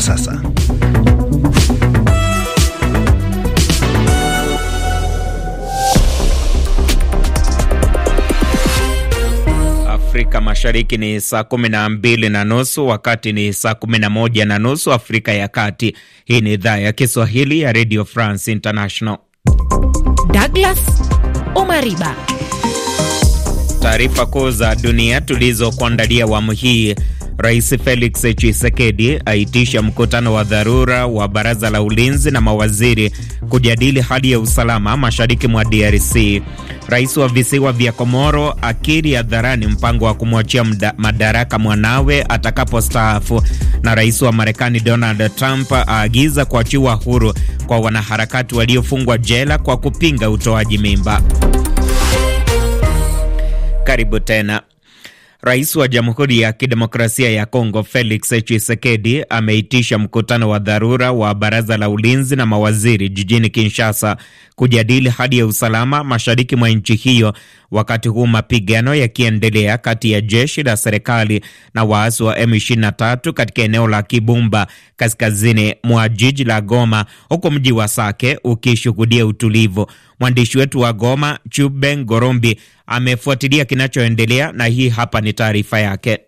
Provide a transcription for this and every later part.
kwa sasa. Afrika Mashariki ni saa kumi na mbili na nusu wakati ni saa kumi na moja na nusu Afrika ya Kati. Hii ni idhaa ya Kiswahili ya Radio France International. Douglas Omariba, taarifa kuu za dunia tulizokuandalia awamu hii Rais Felix Tshisekedi aitisha mkutano wa dharura wa baraza la ulinzi na mawaziri kujadili hali ya usalama mashariki mwa DRC. Rais wa visiwa vya Komoro akiri hadharani mpango wa kumwachia madaraka mwanawe atakapostaafu, na rais wa Marekani Donald Trump aagiza kuachiwa huru kwa wanaharakati waliofungwa jela kwa kupinga utoaji mimba. Karibu tena. Rais wa Jamhuri ya Kidemokrasia ya Kongo Felix Tshisekedi ameitisha mkutano wa dharura wa baraza la ulinzi na mawaziri jijini Kinshasa kujadili hali ya usalama mashariki mwa nchi hiyo, wakati huu mapigano yakiendelea kati ya jeshi la serikali na waasi wa M23 katika eneo la Kibumba kaskazini mwa jiji la Goma, huku mji wa Sake ukishuhudia utulivu. Mwandishi wetu wa Goma Chube Ngorombi amefuatilia kinachoendelea na hii hapa ni taarifa yake.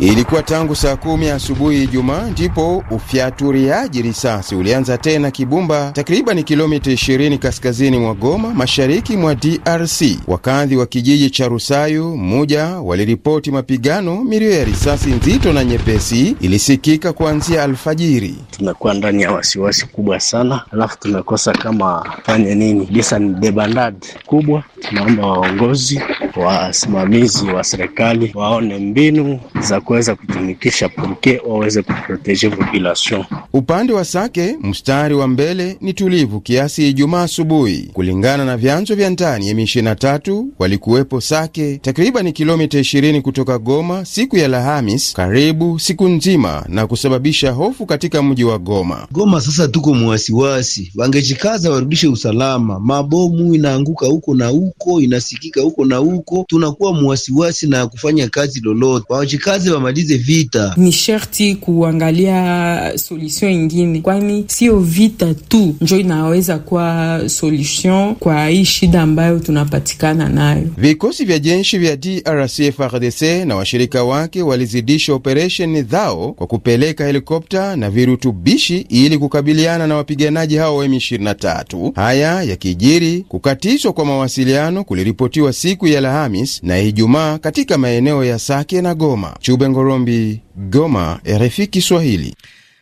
Ilikuwa tangu saa kumi asubuhi Ijumaa ndipo ufyaturiaji risasi ulianza tena Kibumba, takriban kilomita 20 kaskazini mwa Goma, mashariki mwa DRC. Wakazi wa kijiji cha Rusayu mmoja waliripoti mapigano. Milio ya risasi nzito na nyepesi ilisikika kuanzia alfajiri. Tumekuwa ndani ya wasiwasi kubwa sana, alafu tumekosa kama fanye nini. Bisa ni debandad kubwa, tunaomba waongozi wasimamizi wa serikali waone mbinu za kuweza kutumikisha purke waweze kuproteje population. Upande wa Sake, mstari wa mbele ni tulivu kiasi Ijumaa asubuhi, kulingana na vyanzo vya ndani ya M23 walikuwepo Sake takriban kilomita 20 kutoka Goma siku ya Alhamis, karibu siku nzima na kusababisha hofu katika mji wa Goma. Goma sasa tuko mwasiwasi, wangejikaza warudishe usalama. Mabomu inaanguka huko na huko, inasikika huko na huko huko tunakuwa mwasiwasi na kufanya kazi lolote. Wawachikazi wamalize vita, ni sherti kuangalia solution ingine, kwani sio vita tu njo inaweza kuwa solution kwa hii shida ambayo tunapatikana nayo. Vikosi vya jeshi vya DRC FARDC na washirika wake walizidisha operesheni zao kwa kupeleka helikopta na virutubishi ili kukabiliana na wapiganaji hao wa M23. Haya yakijiri kukatizwa kwa mawasiliano kuliripotiwa siku ya Alhamis na Ijumaa katika maeneo ya Sake na Goma. Chube Ngorombi, Goma, RFI Kiswahili.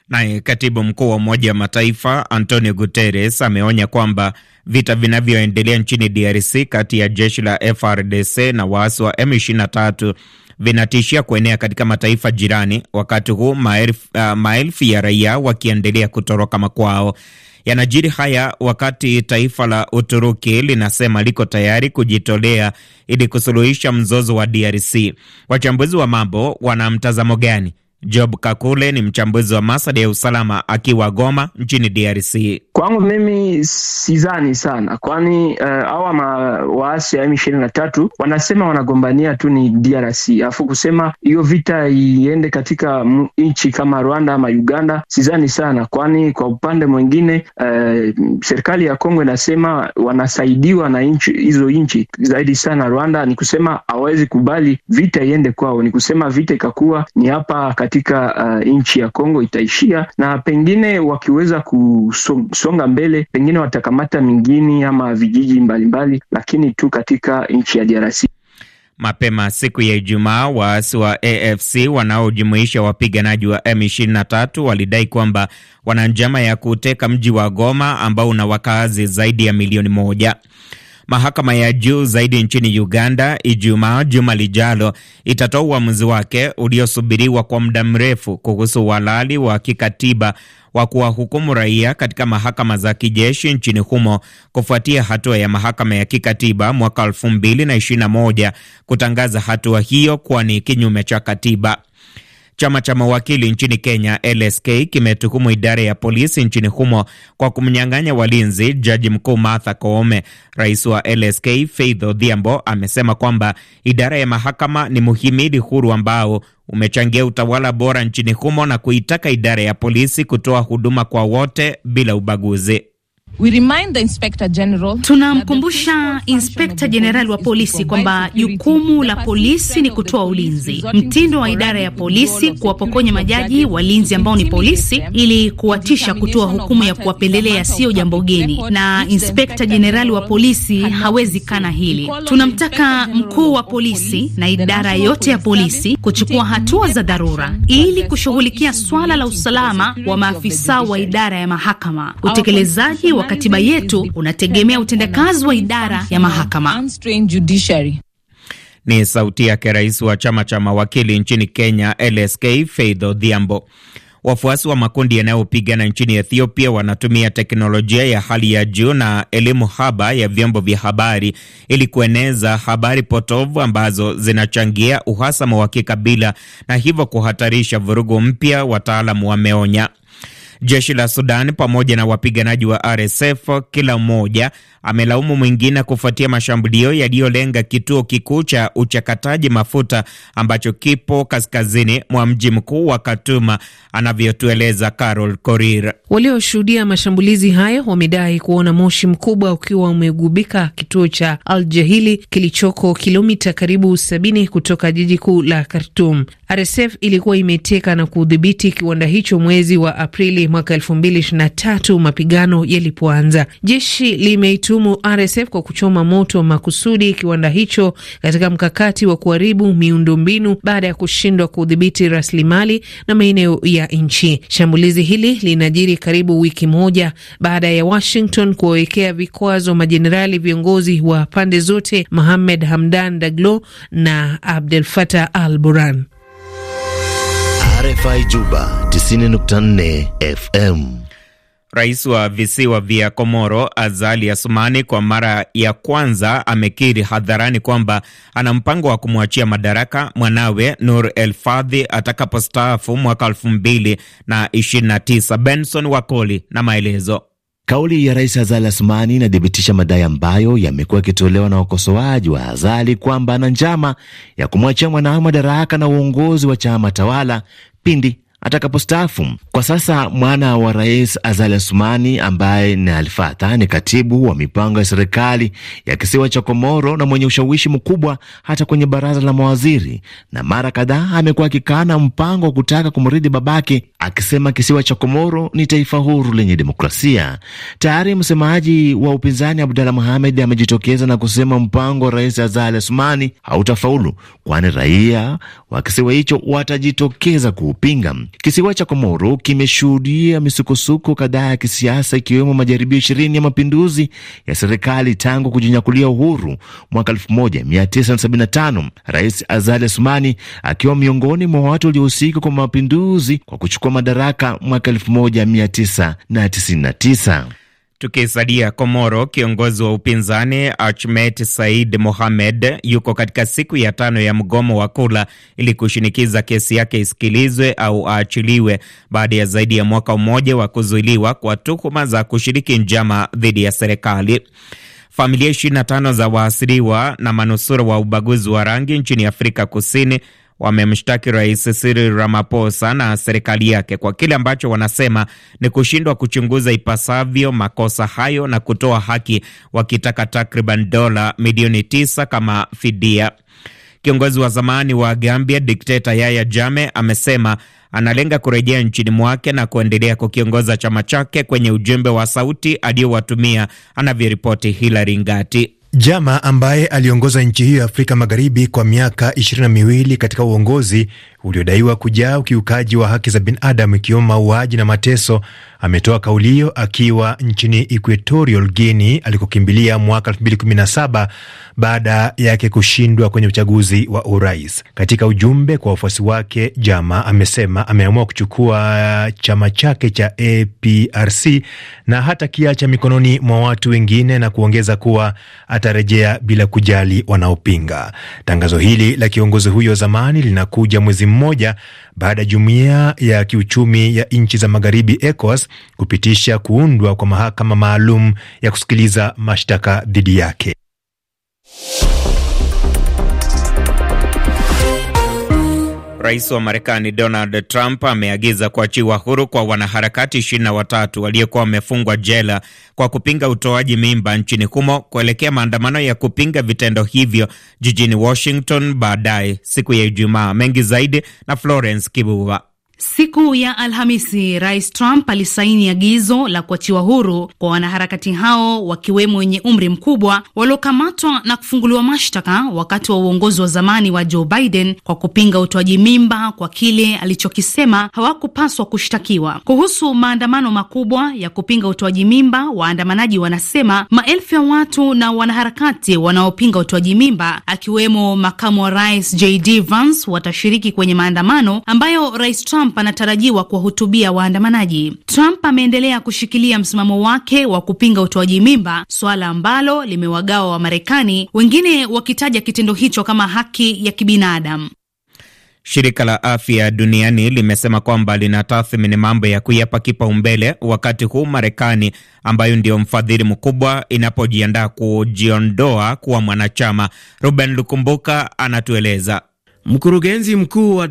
Naye katibu mkuu wa Umoja wa Mataifa Antonio Guterres ameonya kwamba vita vinavyoendelea nchini DRC kati ya jeshi la FRDC na waasi wa M23 vinatishia kuenea katika mataifa jirani, wakati huu maelfu uh, maelfu ya raia wakiendelea kutoroka makwao. Yanajiri haya wakati taifa la Uturuki linasema liko tayari kujitolea ili kusuluhisha mzozo wa DRC. Wachambuzi wa mambo wana mtazamo gani? Job Kakule ni mchambuzi wa masuala ya usalama akiwa Goma nchini DRC. Kwangu mimi sizani sana, kwani uh, eh, awa waasi ya M23 wanasema wanagombania tu ni DRC, alafu kusema hiyo vita iende katika nchi kama Rwanda ama Uganda sizani sana, kwani kwa upande mwingine uh, serikali ya Kongo inasema wanasaidiwa na inchi, hizo nchi zaidi sana Rwanda. Ni kusema hawawezi kubali vita iende kwao, ni kusema vita ikakuwa ni hapa katika uh, nchi ya Kongo itaishia, na pengine wakiweza kusonga mbele, pengine watakamata mingini ama vijiji mbalimbali, lakini tu katika nchi ya DRC. Mapema siku ya Ijumaa, waasi wa AFC wanaojumuisha wapiganaji wa M23 walidai kwamba wana njama ya kuteka mji wa Goma ambao una wakazi zaidi ya milioni moja. Mahakama ya juu zaidi nchini Uganda Ijumaa juma lijalo itatoa uamuzi wake uliosubiriwa kwa muda mrefu kuhusu uhalali wa kikatiba wa kuwahukumu raia katika mahakama za kijeshi nchini humo kufuatia hatua ya mahakama ya kikatiba mwaka 2021 kutangaza hatua hiyo kuwa ni kinyume cha katiba. Chama cha mawakili nchini Kenya, LSK, kimetuhumu idara ya polisi nchini humo kwa kumnyang'anya walinzi jaji mkuu Martha Koome. Rais wa LSK Faith Odhiambo amesema kwamba idara ya mahakama ni muhimili huru ambao umechangia utawala bora nchini humo na kuitaka idara ya polisi kutoa huduma kwa wote bila ubaguzi. Tunamkumbusha inspekta jenerali wa polisi kwamba jukumu la polisi ni kutoa ulinzi. Mtindo wa idara ya polisi kuwapokonya majaji walinzi ambao ni polisi ili kuwatisha kutoa hukumu ya kuwapendelea siyo jambo geni, na inspekta jenerali wa polisi hawezi kana hili. Tunamtaka mkuu wa polisi na idara yote ya polisi kuchukua hatua za dharura ili kushughulikia swala la usalama wa maafisa wa idara ya mahakama, utekelezaji wa katiba yetu unategemea utendakazi wa idara ya mahakama. Ni sauti yake rais wa chama cha mawakili nchini Kenya, LSK, Faith Odhiambo. Wafuasi wa makundi yanayopigana nchini Ethiopia wanatumia teknolojia ya hali ya juu na elimu haba ya vyombo vya habari ili kueneza habari potovu ambazo zinachangia uhasama wa kikabila na hivyo kuhatarisha vurugu mpya, wataalamu wameonya. Jeshi la Sudan pamoja na wapiganaji wa RSF kila mmoja amelaumu mwingine kufuatia mashambulio yaliyolenga kituo kikuu cha uchakataji mafuta ambacho kipo kaskazini mwa mji mkuu wa Katuma, anavyotueleza Carol Korir. Walioshuhudia mashambulizi hayo wamedai kuona moshi mkubwa ukiwa umegubika kituo cha Al Jahili kilichoko kilomita karibu sabini kutoka jiji kuu la Khartum. RSF ilikuwa imeteka na kudhibiti kiwanda hicho mwezi wa Aprili mwaka 2023 mapigano yalipoanza. Jeshi limeitumu RSF kwa kuchoma moto makusudi kiwanda hicho katika mkakati wa kuharibu miundombinu baada ya kushindwa kudhibiti rasilimali na maeneo ya nchi. Shambulizi hili linajiri karibu wiki moja baada ya Washington kuwawekea vikwazo majenerali viongozi wa pande zote Mohamed Hamdan Daglo na Abdel Fattah al-Burhan. RFI Juba 90.4 FM. Rais wa visiwa vya Komoro Azali Asumani kwa mara ya kwanza amekiri hadharani kwamba ana mpango wa kumwachia madaraka mwanawe Nur El Fadhi atakapostaafu mwaka 2029. Benson Wakoli na maelezo Kauli ya Rais Azali Asmani inathibitisha madai ambayo yamekuwa yakitolewa na wakosoaji wa Azali kwamba ana njama ya kumwachia mwanawe madaraka na uongozi wa chama tawala pindi atakapostaafu. Kwa sasa mwana wa rais Azali Asumani ambaye ni Alfata ni katibu wa mipango ya serikali ya kisiwa cha Komoro na mwenye ushawishi mkubwa hata kwenye baraza la mawaziri, na mara kadhaa amekuwa akikana mpango wa kutaka kumrithi babake, akisema kisiwa cha Komoro ni taifa huru lenye demokrasia. Tayari msemaji wa upinzani Abdalla Mohamed amejitokeza na kusema mpango wa rais Azali Asumani hautafaulu, kwani raia wa kisiwa hicho watajitokeza kuupinga. Kisiwa cha Komoro kimeshuhudia misukosuko kadhaa ya kisiasa, ikiwemo majaribio ishirini ya mapinduzi ya serikali tangu kujinyakulia uhuru mwaka 1975, Rais Azali Asumani akiwa miongoni mwa watu waliohusika kwa mapinduzi kwa kuchukua madaraka mwaka 1999. Tukisadia Komoro, kiongozi wa upinzani Achmet Said Mohamed yuko katika siku ya tano ya mgomo wa kula ili kushinikiza kesi yake isikilizwe au aachiliwe baada ya zaidi ya mwaka mmoja wa kuzuiliwa kwa tuhuma za kushiriki njama dhidi ya serikali. Familia 25 za waasiriwa na manusura wa ubaguzi wa rangi nchini Afrika Kusini wamemshtaki Rais Cyril Ramaphosa na serikali yake kwa kile ambacho wanasema ni kushindwa kuchunguza ipasavyo makosa hayo na kutoa haki, wakitaka takriban dola milioni tisa kama fidia. Kiongozi wa zamani wa Gambia dikteta Yaya Jame amesema analenga kurejea nchini mwake na kuendelea kukiongoza chama chake kwenye ujumbe wa sauti aliyowatumia, anavyoripoti Hilary Ngati. Jama ambaye aliongoza nchi hiyo ya Afrika Magharibi kwa miaka ishirini na miwili katika uongozi uliodaiwa kujaa ukiukaji wa haki za binadamu ikiwemo mauaji na mateso, ametoa kauli hiyo akiwa nchini Equatorial Guinea alikokimbilia mwaka 2017 baada yake kushindwa kwenye uchaguzi wa urais. Katika ujumbe kwa wafuasi wake, Jama amesema ameamua kuchukua chama chake cha APRC na hata kiacha mikononi mwa watu wengine, na kuongeza kuwa atarejea bila kujali wanaopinga. Tangazo hili la kiongozi huyo zamani linakuja mwezi mmoja baada ya jumuiya ya kiuchumi ya nchi za magharibi ECOWAS kupitisha kuundwa kwa mahakama maalum ya kusikiliza mashtaka dhidi yake. Rais wa Marekani Donald Trump ameagiza kuachiwa huru kwa wanaharakati ishirini na watatu waliokuwa wamefungwa jela kwa kupinga utoaji mimba nchini humo kuelekea maandamano ya kupinga vitendo hivyo jijini Washington baadaye siku ya Ijumaa. Mengi zaidi na Florence Kibuba. Siku ya Alhamisi, Rais Trump alisaini agizo la kuachiwa huru kwa wanaharakati hao wakiwemo wenye umri mkubwa waliokamatwa na kufunguliwa mashtaka wakati wa uongozi wa zamani wa Joe Biden kwa kupinga utoaji mimba kwa kile alichokisema hawakupaswa kushtakiwa. Kuhusu maandamano makubwa ya kupinga utoaji mimba, waandamanaji wanasema maelfu ya watu na wanaharakati wanaopinga utoaji mimba akiwemo makamu wa rais JD Vance watashiriki kwenye maandamano ambayo Rais Trump Trump anatarajiwa kuwahutubia waandamanaji. Trump ameendelea kushikilia msimamo wake wa kupinga utoaji mimba, suala ambalo limewagawa Wamarekani, wengine wakitaja kitendo hicho kama haki ya kibinadamu. Shirika la afya duniani limesema kwamba linatathmini mambo ya kuyapa kipaumbele wakati huu Marekani, ambayo ndiyo mfadhili mkubwa, inapojiandaa kujiondoa kuwa mwanachama. Ruben Lukumbuka anatueleza. Mkurugenzi mkuu wa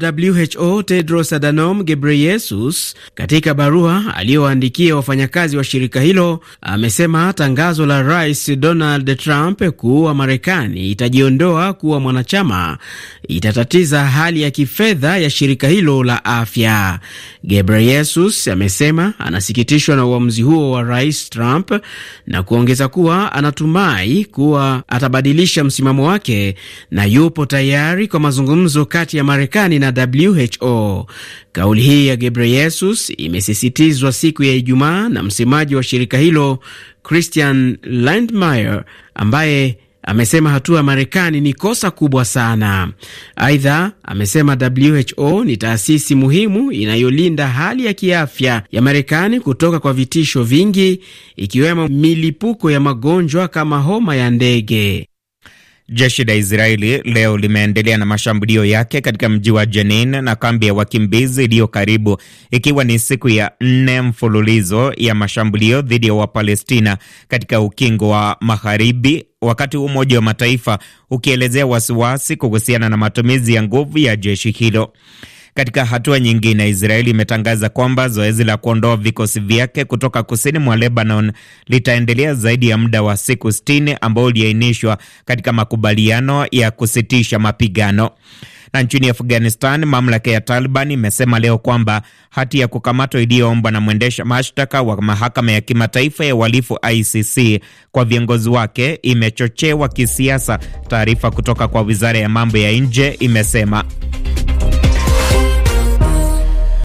WHO Tedros Adhanom Ghebreyesus katika barua aliyoandikia wafanyakazi wa shirika hilo amesema tangazo la Rais Donald Trump kuwa Marekani itajiondoa kuwa mwanachama itatatiza hali ya kifedha ya shirika hilo la afya. Ghebreyesus amesema anasikitishwa na uamuzi huo wa Rais Trump na kuongeza kuwa anatumai kuwa atabadilisha msimamo wake na yupo tayari kwa mazungumzo mazungumzo kati ya Marekani na WHO. Kauli hii ya Gebreyesus imesisitizwa siku ya Ijumaa na msemaji wa shirika hilo Christian Lindmeier ambaye amesema hatua ya Marekani ni kosa kubwa sana. Aidha, amesema WHO ni taasisi muhimu inayolinda hali ya kiafya ya Marekani kutoka kwa vitisho vingi, ikiwemo milipuko ya magonjwa kama homa ya ndege. Jeshi la Israeli leo limeendelea na mashambulio yake katika mji wa Jenin na kambi ya wakimbizi iliyo karibu, ikiwa ni siku ya nne mfululizo ya mashambulio dhidi ya Wapalestina katika ukingo wa Magharibi, wakati Umoja wa Mataifa ukielezea wasiwasi kuhusiana na matumizi ya nguvu ya jeshi hilo. Katika hatua nyingine, Israeli imetangaza kwamba zoezi la kuondoa vikosi vyake kutoka kusini mwa Lebanon litaendelea zaidi ya muda wa siku 60 ambao uliainishwa katika makubaliano ya kusitisha mapigano. Na nchini Afghanistan, mamlaka ya Taliban imesema leo kwamba hati ya kukamatwa iliyoombwa na mwendesha mashtaka wa mahakama ya kimataifa ya uhalifu ICC kwa viongozi wake imechochewa kisiasa, taarifa kutoka kwa wizara ya mambo ya nje imesema.